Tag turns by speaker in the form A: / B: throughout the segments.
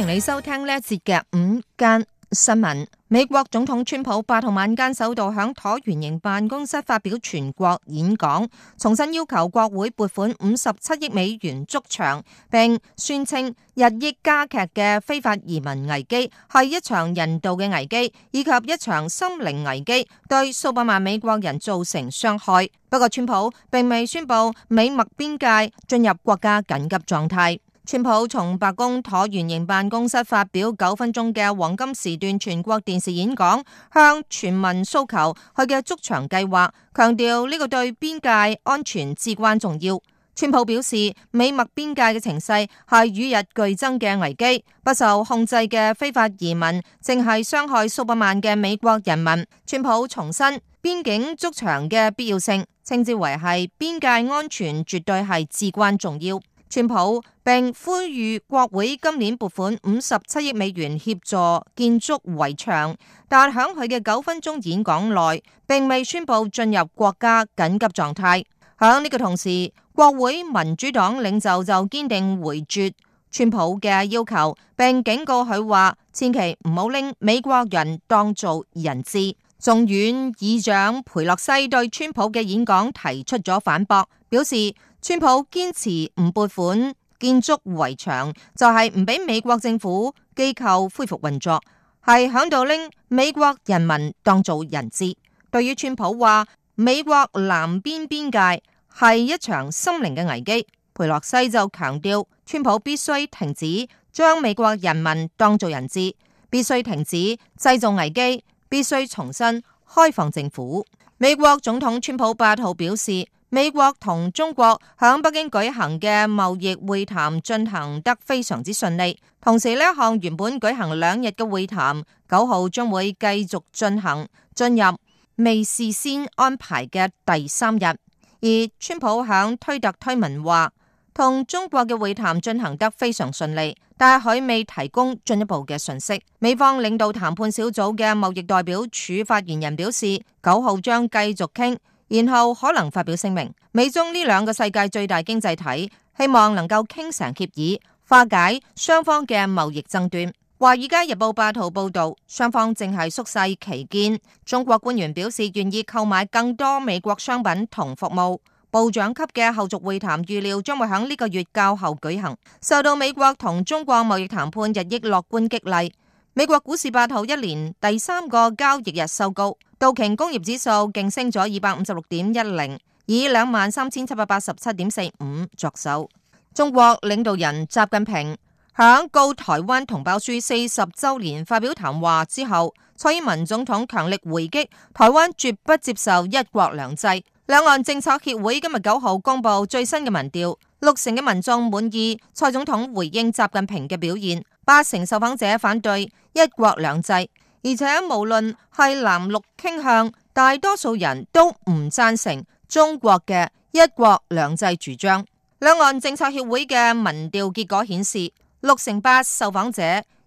A: 歡迎你收聽呢一節嘅午間新聞。美國總統川普八號晚間首度響橢圓形辦公室發表全國演講，重新要求國會撥款五十七億美元築牆，並宣稱日益加劇嘅非法移民危機係一場人道嘅危機，以及一場心靈危機，對數百萬美國人造成傷害。不過，川普並未宣布美墨邊界進入國家緊急狀態。川普從白宮橢圓形辦公室發表九分鐘嘅黃金時段全國電視演講，向全民訴求佢嘅築牆計劃，強調呢個對邊界安全至關重要。川普表示，美墨邊界嘅情勢係與日俱增嘅危機，不受控制嘅非法移民淨係傷害數百萬嘅美國人民。川普重申邊境築牆嘅必要性，稱之為係邊界安全絕對係至關重要。川普並呼籲國會今年撥款五十七億美元協助建築圍牆，但喺佢嘅九分鐘演講內，並未宣布進入國家緊急狀態。喺呢個同時，國會民主黨領袖就堅定回絕川普嘅要求，並警告佢話，千祈唔好拎美國人當做人質。眾院議長裴洛西對川普嘅演講提出咗反駁，表示。川普堅持唔撥款建築圍牆，就係唔俾美國政府機構恢復運作，係響度拎美國人民當做人質。對於川普話美國南邊邊界係一場心靈嘅危機，佩洛西就強調川普必須停止將美國人民當做人質，必須停止製造危機，必須重新開放政府。美國總統川普八號表示。美國同中國響北京舉行嘅貿易會談進行得非常之順利，同時呢一項原本舉行兩日嘅會談，九號將會繼續進行，進入未事先安排嘅第三日。而川普響推特推文話，同中國嘅會談進行得非常順利，但係佢未提供進一步嘅信息。美方領導談判小組嘅貿易代表處發言人表示，九號將繼續傾。然後可能發表聲明，美中呢兩個世界最大經濟體希望能夠傾成協議，化解雙方嘅貿易爭端。華爾街日報霸圖報道，雙方正係縮細期間。中國官員表示願意購買更多美國商品同服務。部長級嘅後續會談預料將會喺呢個月較後舉行。受到美國同中國貿易談判日益樂觀激勵。美國股市八號一連第三個交易日收高，道瓊工業指數勁升咗二百五十六點一零，以兩萬三千七百八十七點四五作手。中國領導人習近平響告台灣同胞書四十周年發表談話之後，蔡英文總統強力回擊，台灣絕不接受一國兩制。兩岸政策協會今日九號公布最新嘅民調。六成嘅民眾滿意蔡總統回應習近平嘅表現，八成受訪者反對一國兩制，而且無論係藍綠傾向，大多數人都唔贊成中國嘅一國兩制主張。兩岸政策協會嘅民調結果顯示，六成八受訪者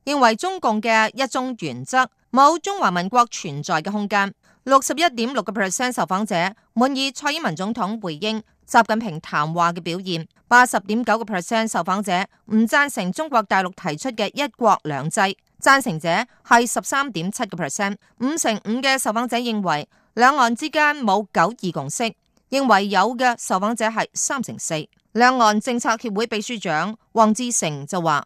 A: 認為中共嘅一中原則冇中華民國存在嘅空間，六十一點六個 percent 受訪者滿意蔡英文總統回應。習近平談話嘅表現，八十點九個 percent 受訪者唔讚成中國大陸提出嘅一國兩制，讚成者係十三點七個 percent，五成五嘅受訪者認為兩岸之間冇九二共識，認為有嘅受訪者係三成四。兩岸政策協會秘書長王智盛就話：，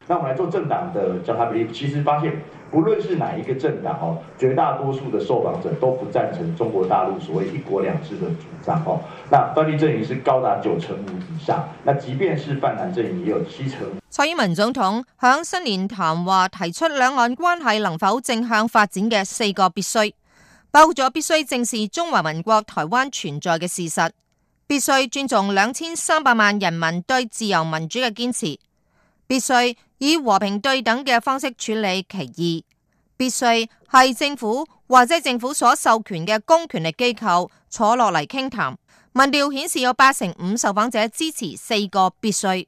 A: 不論是哪一個政黨哦，絕大多數的受訪者都不贊成中國大陸所謂一國兩制的主張哦。那泛綠陣營是高達九成五以上，那即便是泛藍陣營也有七成。蔡英文總統喺新年談話提出兩岸關係能否正向發展嘅四個必須，包括咗必須正視中華民國臺灣存在嘅事實，必須尊重兩千三百萬人民對自由民主嘅堅持，必須。以和平對等嘅方式處理。其二，必須係政府或者政府所授權嘅公權力機構坐落嚟傾談。民調顯示有八成五受訪者支持四個必須，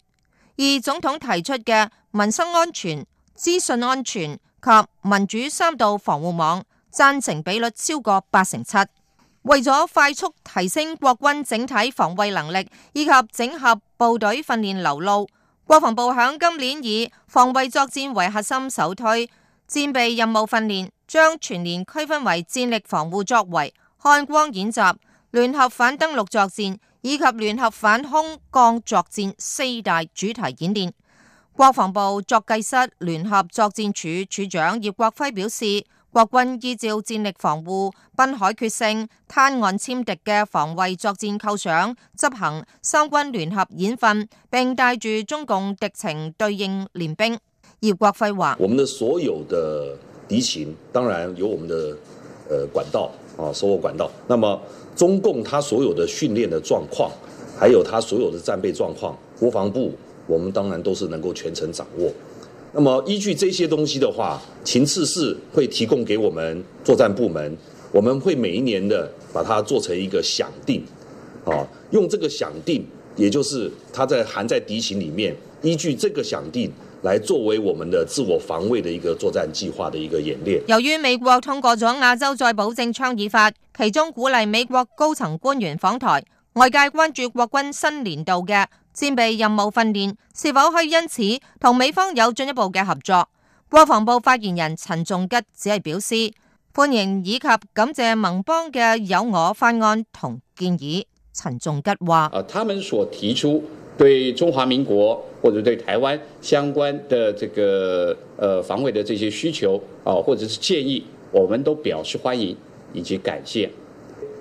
A: 而總統提出嘅民生安全、資訊安全及民主三道防護網，贊成比率超過八成七。為咗快速提升國軍整體防衛能力以及整合部隊訓練流露。國防部響今年以防衛作戰為核心，首推戰備任務訓練，將全年區分為戰力防護作為、漢光演習、聯合反登陸作戰以及聯合反空降作戰四大主題演練。國防部作計室聯合作戰處處長葉國輝表示。國軍依照戰力防護、濱海決勝、灘岸殲敵嘅防衛作戰構想，執行三軍聯合演訓，並帶住中共敵情對應練兵。葉國輝話：，我們的所有的敵情，當然有我們的，管道啊，所有管道。那麼中共他所有的訓練的狀況，還有他所有的戰備狀況，國防部我們當然都是能夠全程掌握。那麼依據這些東西的話，情勢是會提供給我們作戰部門，我們會每一年的把它做成一個想定，啊，用這個想定，也就是它在含在敵情裏面，依據這個想定來作為我們的自我防衛的一個作戰計劃的一個演練。由於美國通過咗亞洲再保證倡議法，其中鼓勵美國高層官員訪台，外界關注國軍新年度嘅。戰備任務訓練是否可以因此同美方有進一步嘅合作？國防部發言人陳仲吉只係表示歡迎以及感謝盟邦嘅友我法案同建議。陳仲吉話：，啊，他們所提出對中華民國或者對台灣相關的這個呃防衛的這些需求啊，或者是建議，我們都表示歡迎以及感謝。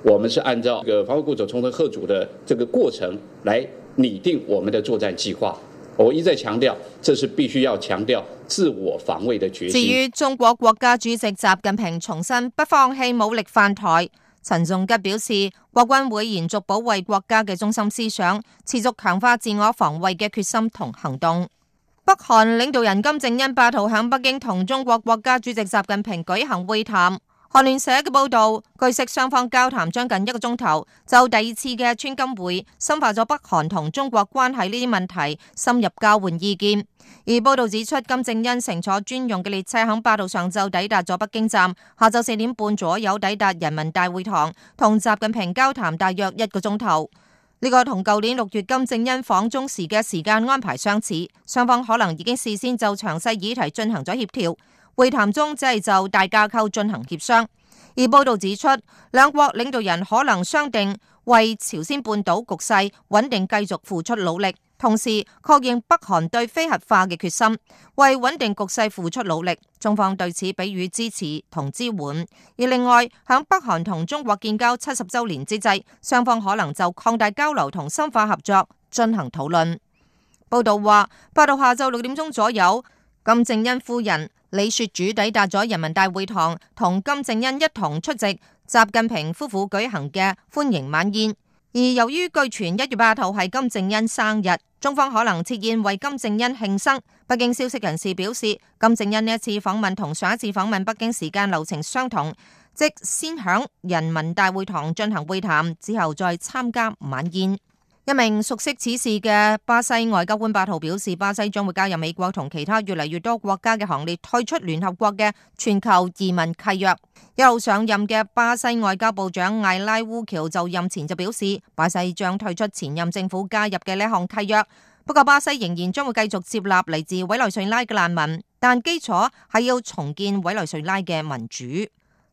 A: 我們是按照這個防衛固守、重層嚇阻的這個過程來。擬定我們的作戰計劃，我一再強調，這是必須要強調自我防衛的決心。至於中國國家主席習近平重申不放棄武力犯台，陳中吉表示，國軍會延續保衛國家嘅中心思想，持續強化自我防衛嘅決心同行動。北韓領導人金正恩八號響北京同中國國家主席習近平舉行會談。韓聯社嘅報道，據悉雙方交談將近一個鐘頭，就第二次嘅川金會深化咗、北韓同中國關係呢啲問題，深入交換意見。而報道指出，金正恩乘坐專用嘅列車喺八號上晝抵達咗北京站，下晝四點半左右抵達人民大會堂，同習近平交談大約一個鐘頭。呢個同舊年六月金正恩訪中時嘅時間安排相似，雙方可能已經事先就詳細議題進行咗協調，會談中只係就大架構進行協商，而報道指出，兩國領導人可能商定為朝鮮半島局勢穩定繼續付出努力，同時確認北韓對非核化嘅決心，為穩定局勢付出努力。中方對此俾予支持同支援。而另外，響北韓同中國建交七十周年之際，雙方可能就擴大交流同深化合作進行討論。報道話，八號下晝六點鐘左右。金正恩夫人李雪主抵達咗人民大會堂，同金正恩一同出席習近平夫婦舉行嘅歡迎晚宴。而由於據傳一月八號係金正恩生日，中方可能設宴為金正恩慶生。北京消息人士表示，金正恩呢一次訪問同上一次訪問北京時間流程相同，即先響人民大會堂進行會談，之後再參加晚宴。一名熟悉此事嘅巴西外交官巴圖表示，巴西將會加入美國同其他越嚟越多國家嘅行列，退出聯合國嘅全球移民契約。一路上任嘅巴西外交部長艾拉烏喬就任前就表示，巴西將退出前任政府加入嘅呢項契約。不過，巴西仍然將會繼續接納嚟自委內瑞拉嘅難民，但基礎係要重建委內瑞拉嘅民主。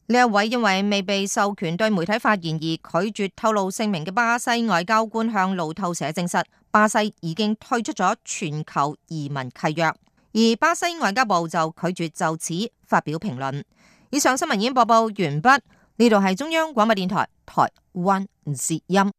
A: 呢一位因為未被授權對媒體發言而拒絕透露姓名嘅巴西外交官向路透社證實，巴西已經退出咗全球移民契約，而巴西外交部就拒絕就此發表評論。以上新聞已經播報完畢，呢度係中央廣播電台台灣之音。